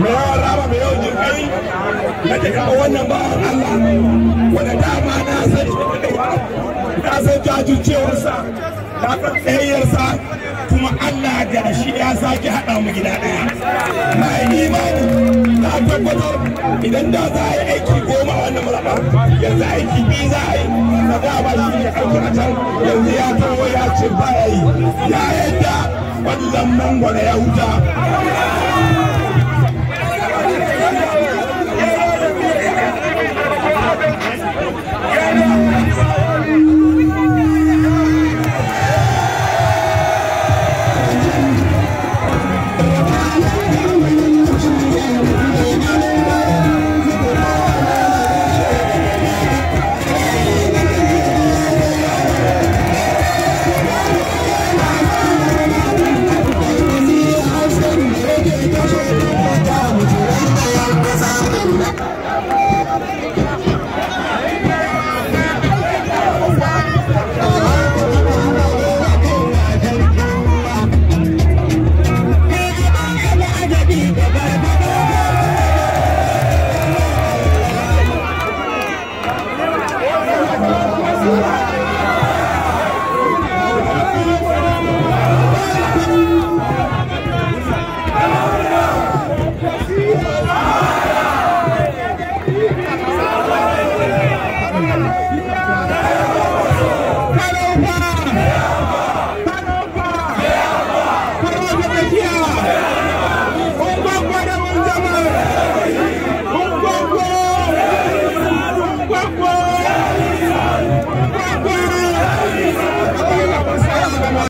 mai mai yau jirgai na ta wannan ba Allah wanda dama na san na san jajircewarsa na san tsayayyarsa kuma Allah ga shi ya sake haɗa mu gida ɗaya na yi imani na tabbatar idan da za a yi aiki goma a wannan maraba yanzu aiki biyu za a yi na ba shi ne aiki a can yanzu ya tawo ya ce ba ya yi ya yadda wannan mangwara ya huta Frustral mandate